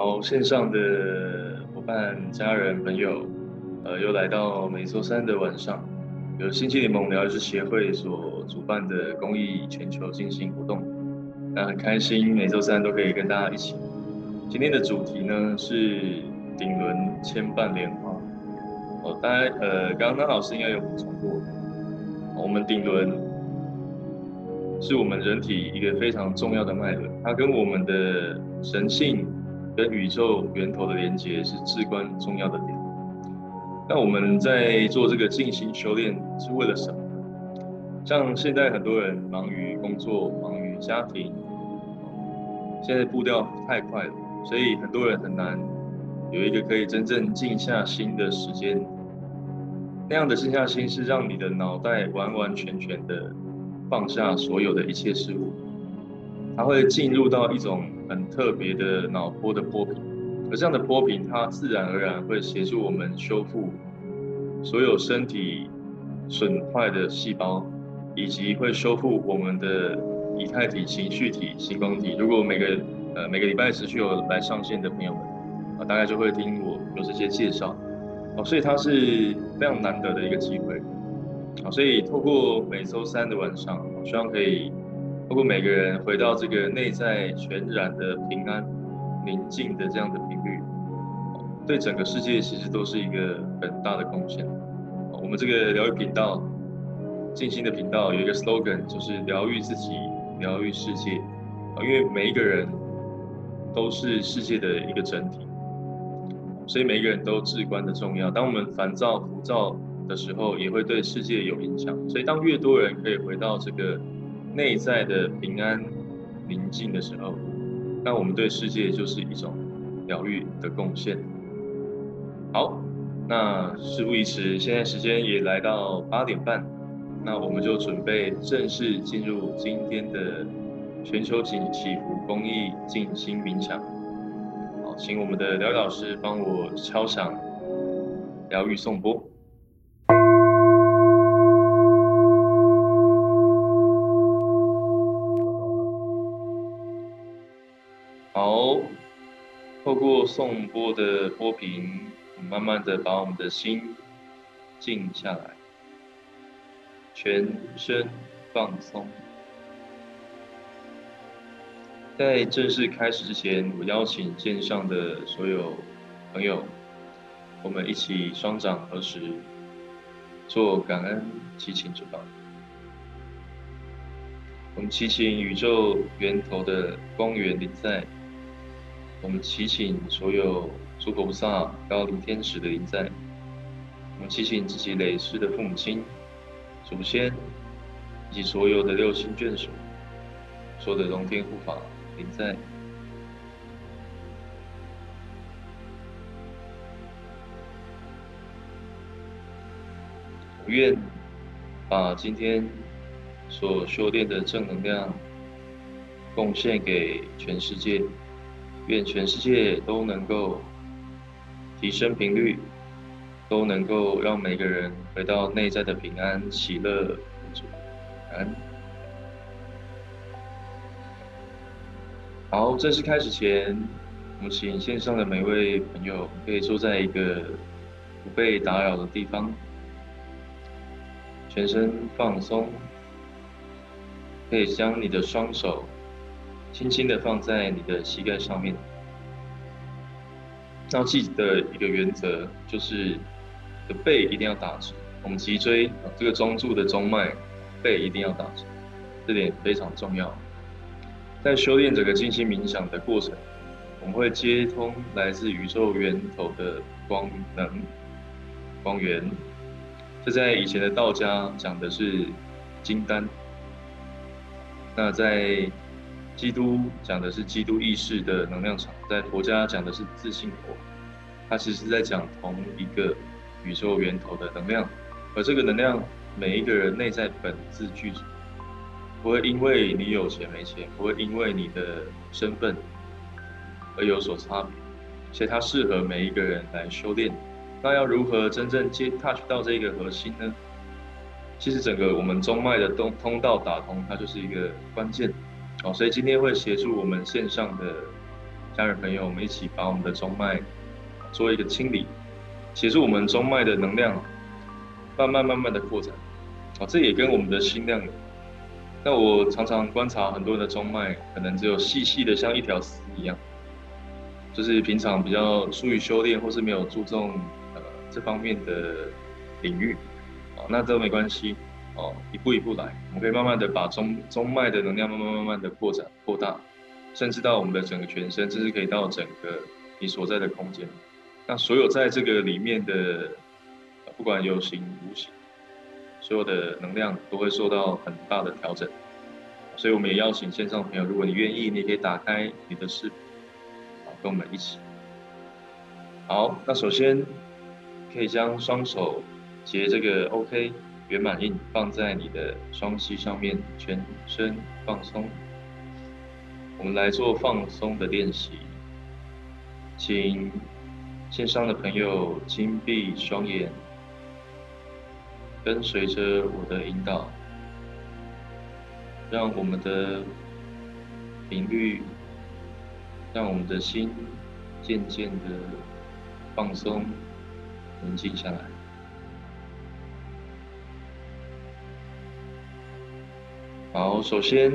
好，線上的夥伴、家人、朋友，呃，又來到每周三的晚上，由星際聯盟療癒師協會所主辦的公益全球進行活動，那很開心，每周三都可以跟大家一起。今天的主題呢是頂輪千瓣蓮花，哦，當然，呃，剛剛老師應該有補充過，我們頂輪是我們人體一個非常重要的脈輪，它跟我們的神性。跟宇宙源頭的連接是至關重要的點。那我們在做這個靜心修煉是為了什麼？像現在很多人忙於工作、忙於家庭，現在步調太快了，所以很多人很難有一個可以真正靜下心的時間。那樣的靜下心，是讓你的腦袋完完全全的放下所有的一切事物。它會進入到一種很特別的腦波的波頻，而這樣的波頻，它自然而然會協助我們修復所有身體損壞的細胞，以及會修復我們的以太體、情緒體、星光體。如果每個呃每個禮拜持續有來上線的朋友們啊，大概就會聽我有這些介紹哦，所以它是非常難得的一個機會。哦，所以透過每週三的晚上，我希望可以。包括每個人回到這個內在全然的平安寧靜的這樣的頻率，對整個世界其實都是一個很大的貢獻。我們這個療癒頻道、靜心的頻道有一個 slogan，就是療癒自己、療癒世界。因為每一個人都是世界的一個整體，所以每一個人都至關的重要。當我們煩躁、浮躁的時候，也會對世界有影響。所以，當越多人可以回到這個。內在的平安、寧靜的時候，那我們對世界就是一種療癒的貢獻。好，那事不宜遲，現在時間也來到八點半，那我們就準備正式進入今天的全球性祈福公益靜心冥想。好，請我們的療癒老師幫我敲響療癒頌缽。播送波的波頻，慢慢的把我們的心靜下來，全身放鬆。在正式開始之前，我邀請線上的所有朋友，我們一起雙掌合十，做感恩祈請之福。我們祈請宇宙源頭的光源臨在。我們祈請所有諸菩薩、高靈天使的臨在。我們祈請自己累世的父母親、祖先以及所有的六親眷屬、所有的龍天護法臨在。願把今天所修煉的正能量貢獻給全世界。願全世界都能夠提升頻率，都能夠讓每個人回到內在的平安、喜樂、滿足。感恩。好，正式開始前，我們請線上的每位朋友可以坐在一個不被打擾的地方，全身放鬆，可以將你的雙手。輕輕地放在你的膝蓋上面，要記得一個原則，就是你的背一定要打直。我們脊椎啊，這個中柱的中脈，背一定要打直，這點非常重要。在修煉整個靜心冥想的過程，我們會接通來自宇宙源頭的光能、光源。這在以前的道家講的是金丹。那在基督講的是基督意識的能量場，在佛家講的是自性佛，它其實是在講同一個宇宙源頭的能量，而這個能量每一個人內在本自具足，不會因為你有錢沒錢，不會因為你的身份而有所差別，且它適合每一個人來修煉。那要如何真正接 touch 到這個核心呢？其實整個我們中脈的東通道打通，它就是一個關鍵。好，所以今天會協助我們線上的家人朋友，我們一起把我們的中脈做一個清理，協助我們中脈的能量慢慢慢慢的擴展。哦，這也跟我們的心量有關。那我常常觀察很多人的中脈，可能只有細細的像一條絲一樣，就是平常比較疏於修煉或是沒有注重呃這方面的領域。哦，那都沒關係。哦，一步一步來，我們可以慢慢的把中中脈的能量慢慢慢慢的擴展擴大，甚至到我們的整個全身，甚至可以到整個你所在的空間。那所有在這個裡面的，不管有形無形，所有的能量都會受到很大的調整。所以我們也邀請線上朋友，如果你願意，你可以打開你的視頻，好，跟我們一起。好，那首先可以將雙手結這個 OK。圓滿印放在你的雙膝上面，全身放鬆。我們來做放鬆的練習，請線上的朋友輕閉雙眼，跟隨着我的引導，讓我們的頻率，讓我們的心漸漸地放鬆，寧靜下來。好，首先，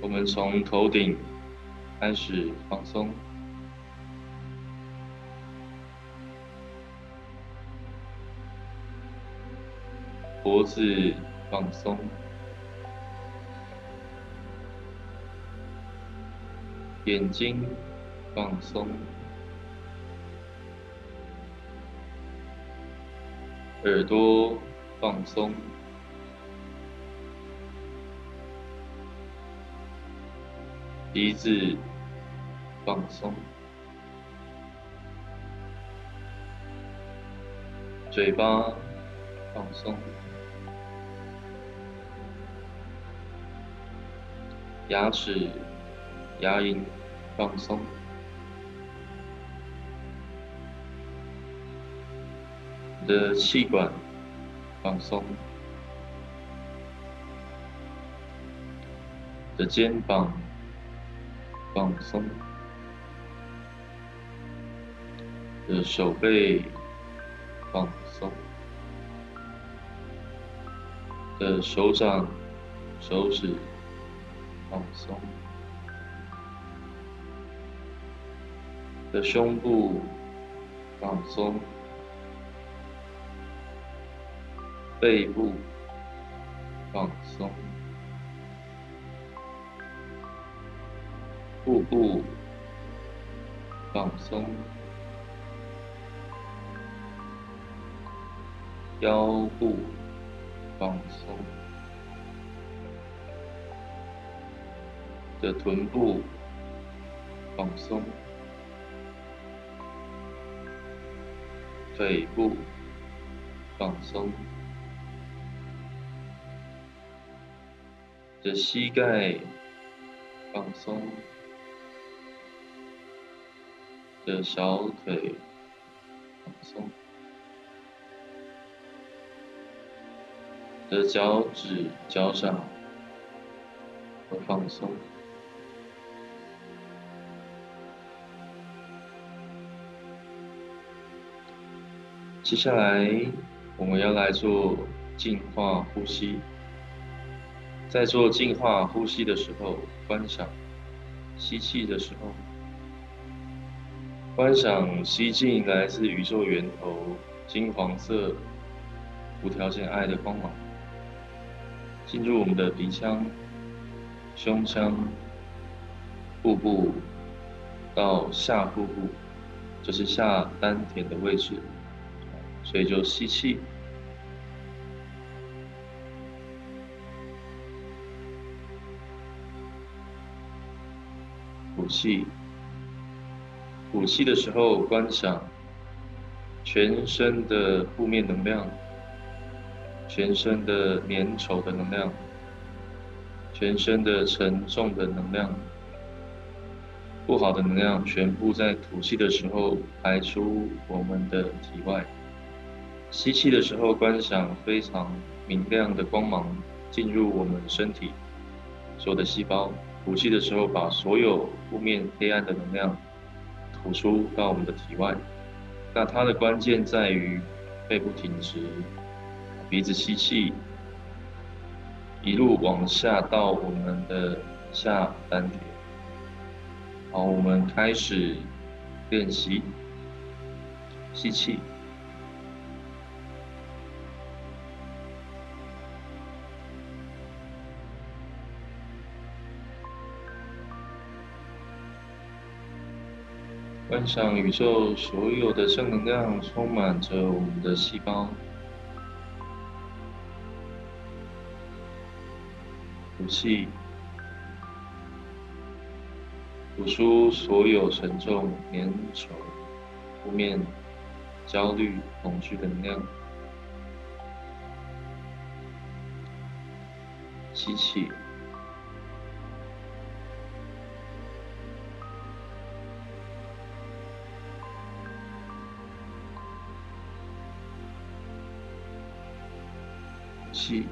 我們從頭頂開始放鬆，脖子放鬆，眼睛放鬆，耳朵放鬆。鼻子放鬆，嘴巴放鬆，牙齒、牙齦放鬆，你的氣管放鬆，你的肩膀。放鬆，的手背放鬆，的手掌手指放鬆，的胸部放鬆，背部放鬆。腹部放鬆，腰部放鬆，的臀部放鬆，腿部放鬆，的膝蓋放鬆。的小腿放鬆，的腳趾、腳掌和放鬆。接下來，我們要來做淨化呼吸。在做淨化呼吸的時候，觀想。吸氣的時候。觀想吸進來自宇宙源頭金黃色、無條件愛的光芒，進入我們的鼻腔、胸腔、腹部到下腹部，這，就是下丹田的位置，所以就吸氣，吐氣。吐氣的時候，觀想全身的負面能量、全身的粘稠的能量、全身的沉重的能量、不好的能量，全部在吐氣的時候排出我們的體外。吸氣的時候，觀想非常明亮的光芒進入我們身體，所有的細胞。吐氣的時候，把所有負面、黑暗的能量。呼出到我們的體外，那它的關鍵在於背部挺直，鼻子吸氣，一路往下到我們的下丹田。好，我們開始練習，吸氣。觀賞宇宙所有的正能量，充滿着我們的細胞。吐氣，吐出所有沉重、粘稠、負面、焦慮、恐懼的能量。吸氣。吸，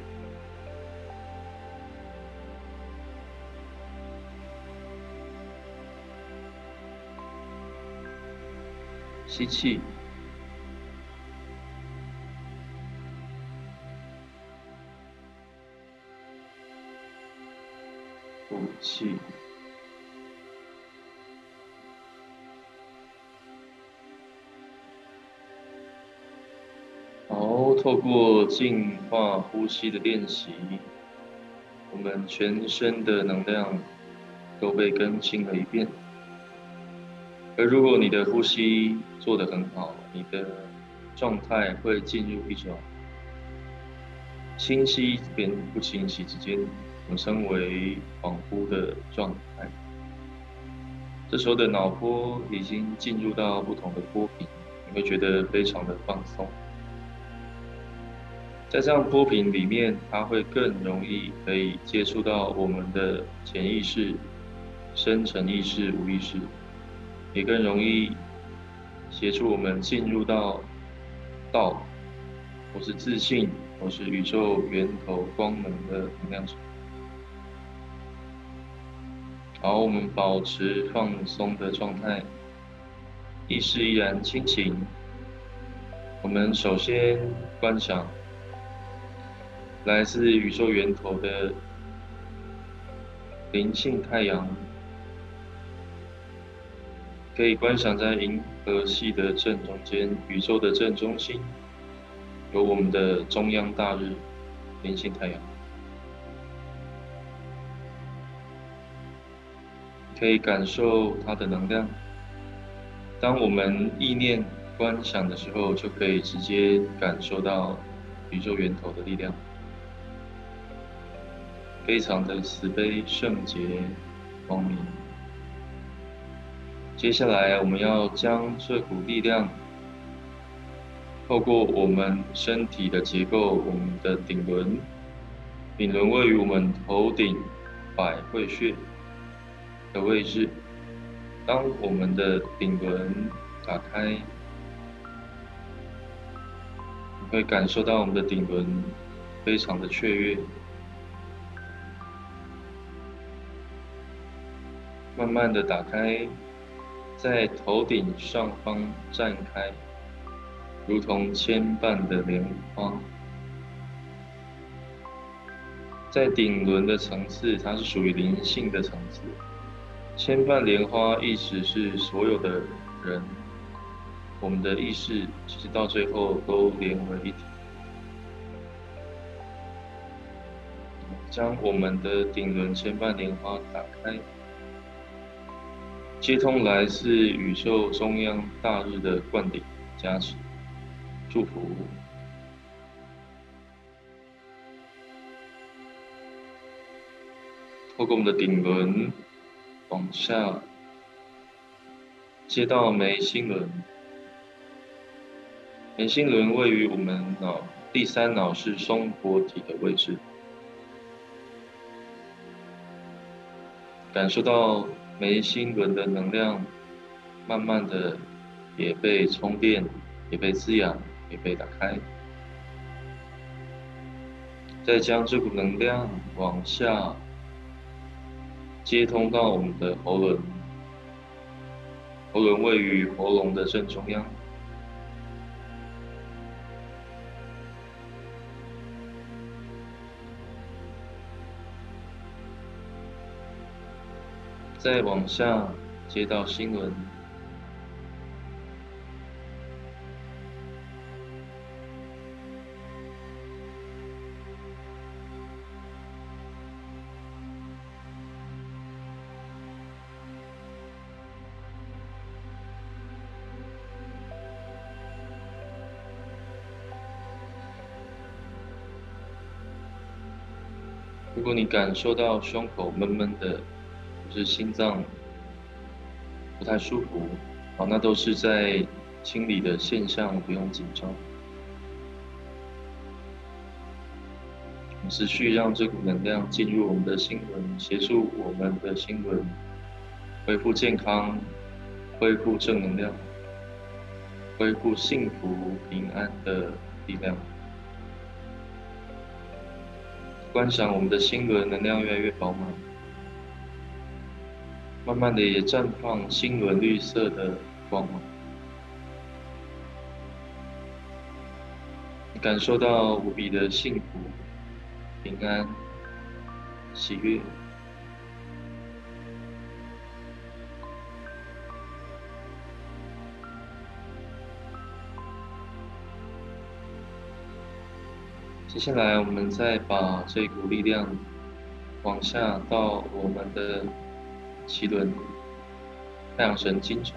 吸氣，呼氣。透過淨化呼吸的練習，我們全身的能量都被更新了一遍。而如果你的呼吸做得很好，你的狀態會進入一種清晰跟不清晰之間，我們稱為恍惚的狀態。這時候的腦波已經進入到不同的波頻，你會覺得非常的放鬆。在這樣波頻裡面，它會更容易可以接觸到我們的潛意識、深層意識、無意識，也更容易協助我們進入到道，或是自信，或是宇宙源頭光能的能量場。好，我們保持放鬆的狀態，意識依然清醒。我們首先觀想。來自宇宙源頭的靈性太陽，可以觀賞在銀河系的正中間，宇宙的正中心，有我們的中央大日靈性太陽，可以感受它的能量。當我們意念觀想的時候，就可以直接感受到宇宙源頭的力量。非常的慈悲、聖潔、光明。接下來，我們要將這股力量透過我們身體的結構，我們的頂輪。頂輪位於我們頭頂百會穴的位置。當我們的頂輪打開，我們會感受到我們的頂輪非常的雀躍。慢慢的打開，在頭頂上方綻開，如同千瓣的蓮花。在頂輪的層次，它是屬於靈性的層次。千瓣蓮花意識是所有的人，我們的意識其實到最後都連為一體。將我們的頂輪千瓣蓮花打開。接通來自宇宙中央大日的灌頂加持祝福，透過我們的頂輪往下接到眉心輪，眉心輪位於我們腦第三腦室松果體的位置，感受到。眉心輪的能量，慢慢的也被充電，也被滋養，也被打開。再將這股能量往下接通到我們的喉輪。喉輪位於喉嚨的正中央。再往下接到心輪。如果你感受到胸口悶悶的，就是心臟不太舒服，好，那都是在清理的現象，不用緊張。持續讓這股能量進入我們的心輪，協助我們的心輪恢復健康，恢復正能量，恢復幸福平安的力量。觀想我們的心輪能，能量越來越飽滿。慢慢的，也綻放心輪綠色的光芒。你感受到無比的幸福、平安、喜悅。接下來，我們再把這股力量往下到我們的。七輪太陽神經叢，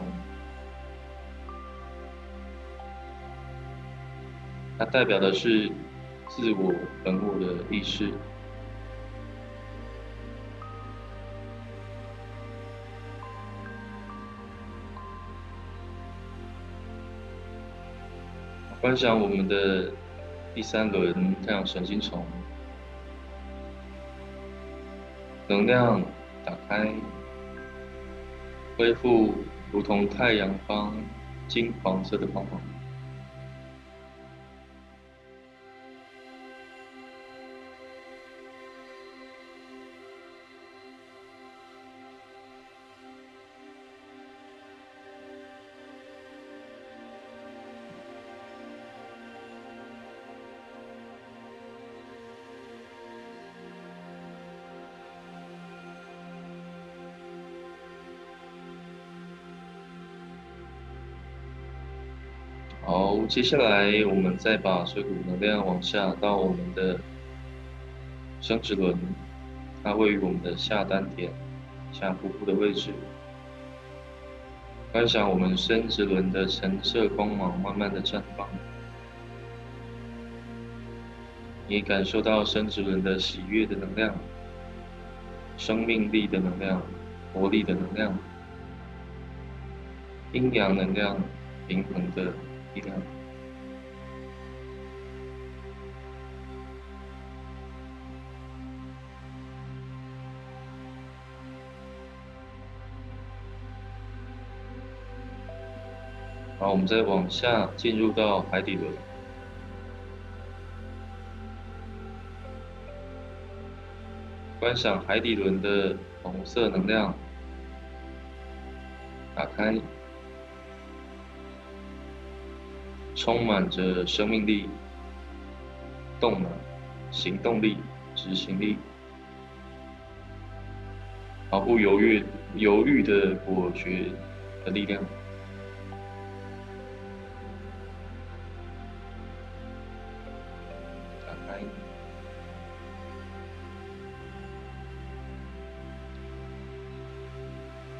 它代表的是自我本我的意識。觀想我們的第三輪太陽神經叢，能量打開。恢復如同太陽般金黃色的光芒。接下來，我們再把這股能量往下到我們的生殖輪，它位於我們的下丹田、下腹部的位置。觀賞我們生殖輪的橙色光芒慢慢的綻放，你感受到生殖輪的喜悅的能量、生命力的能量、活力的能量、陰陽能量平衡的力量。然後我們再往下進入到海底輪，觀賞海底輪的紅色能量，打開，充滿着生命力、動能、行動力、執行力，毫不猶豫、猶豫的果決的力量。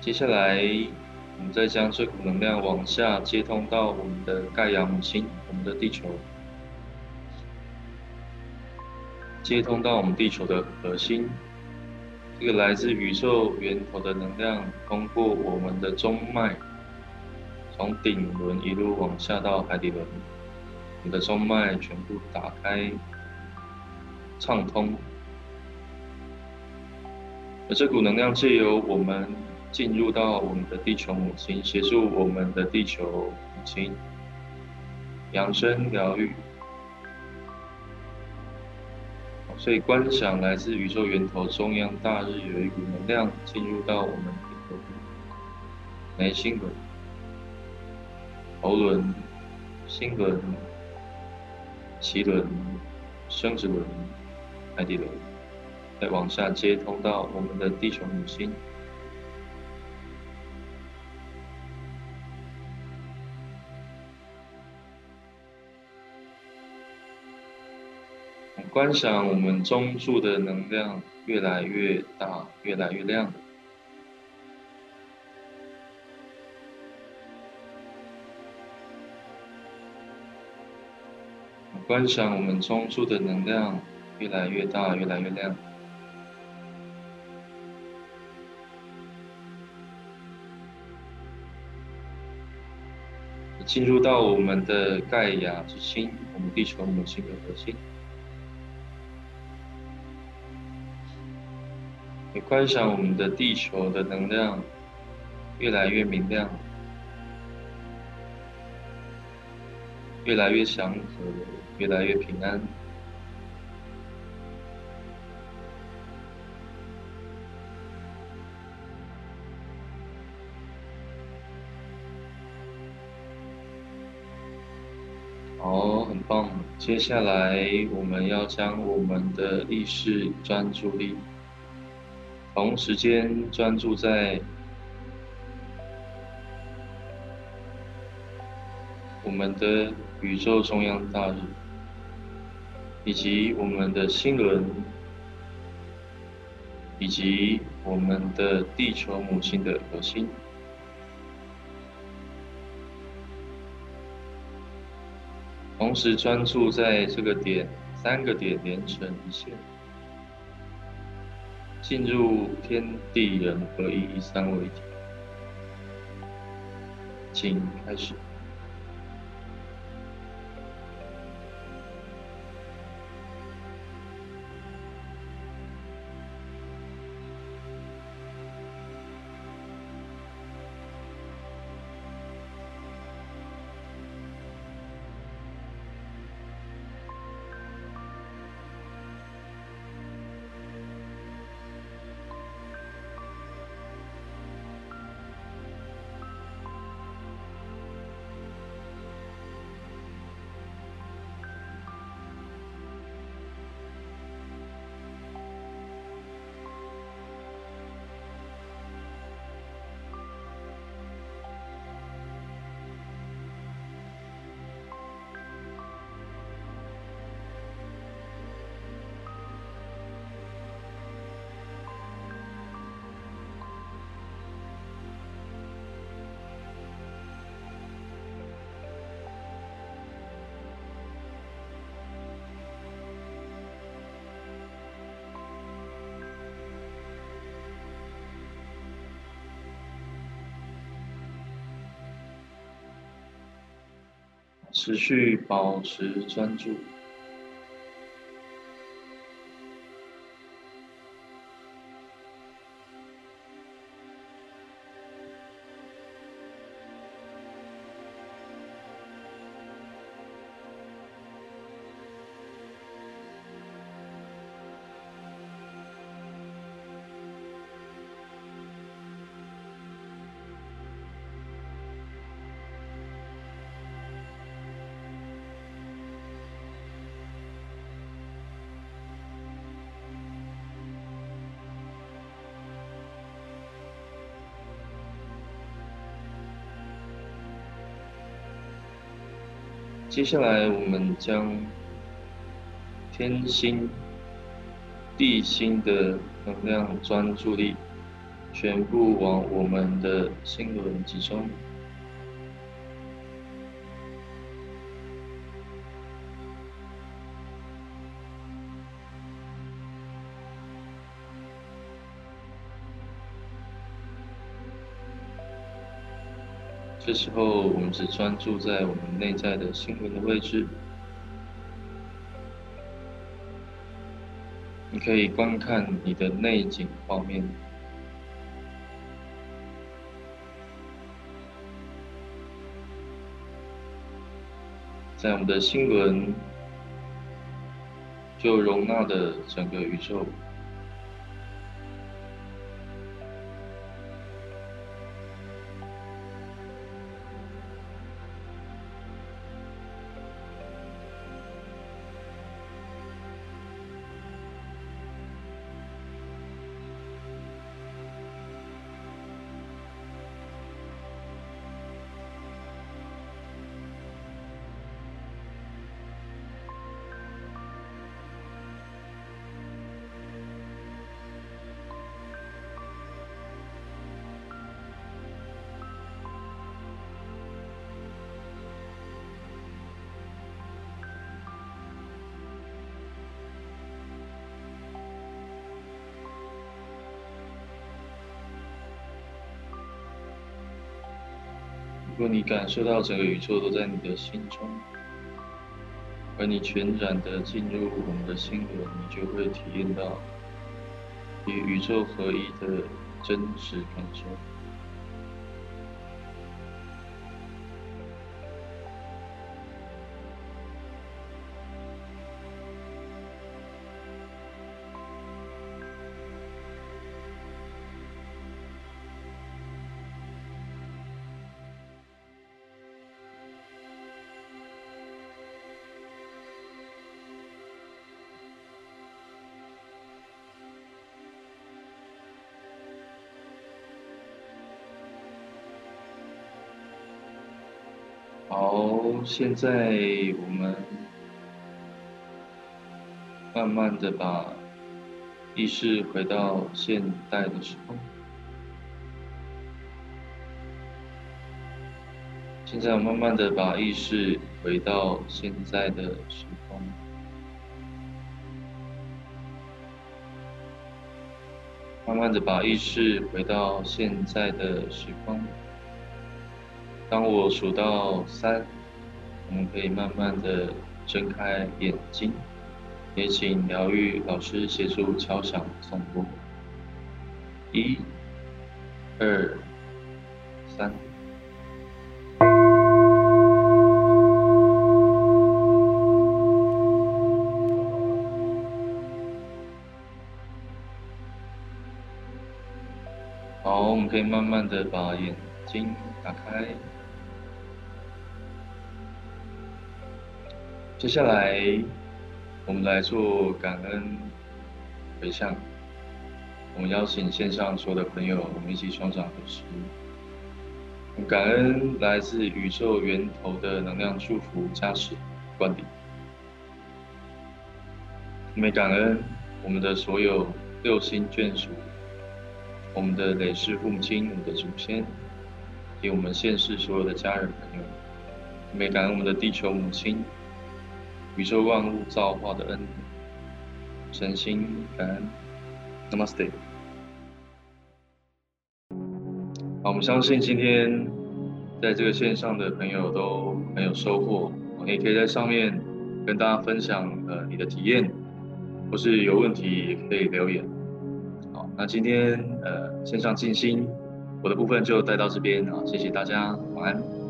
接下來，我們再將這股能量往下接通到我們的蓋亞母親，我們的地球，接通到我們地球的核心。這個來自宇宙源頭的能量，通過我們的中脈，從頂輪一路往下到海底輪，我們的中脈全部打開，暢通。而這股能量藉由我們。進入到我們的地球母親，協助我們的地球母親養生療癒。所以，觀想來自宇宙源頭中央大日，有一股能量進入到我們的眉心輪、喉輪、心輪、臍輪、生殖輪、海底輪，再往下接通到我們的地球母親。觀想我們中柱的能量越來越大，越來越亮。觀想我們中柱的能量越來越大，越來越亮。進入到我們的蓋亞之心，我們地球母親的核心。你觀想我們的地球的能量，越來越明亮，越來越祥和，越來越平安。哦，很棒！接下來我們要將我們的意識專注力。同時間專注在我們的宇宙中央大日，以及我們的心輪，以及我們的地球母親的核心，同時專注在這個點，三個點連成一線。進入天地人合一三位體，請開始。持續保持專注。接下來，我們將天星、地星的能量專注力，全部往我們的星輪集中。這時候，我們只專注在我們內在的心輪的位置。你可以觀看你的內景畫面，在我們的心輪就容納了整個宇宙。如果你感受到整個宇宙都在你的心中，而你全然地進入我們的心裡，你就會體驗到與宇宙合一的真實感受。現在我們慢慢的把意識回到現在的時空。現在我慢慢的把意識回到現在的時空。慢慢的把意識回到現在的時空。當我數到三。我們可以慢慢的睜開眼睛，也請療癒老師協助敲響頌缽，一、二、三。好，我們可以慢慢的把眼睛打開。接下來，我們來做感恩回向。我們邀請線上所有的朋友，我們一起雙手合十，感恩來自宇宙源頭的能量祝福加持、灌頂，我們感恩我們的所有六親眷屬，我們的累世父母親、我們的祖先，以及我們現世所有的家人朋友。我們感恩我們的地球母親。宇宙萬物造化的恩典，誠心感恩，Namaste。好，我們相信今天在這個線上的朋友都很有收穫，也可以在上面跟大家分享呃你的體驗，或是有問題也可以留言。好，那今天呃線上靜心，我的部分就帶到這邊啊，謝謝大家，晚安。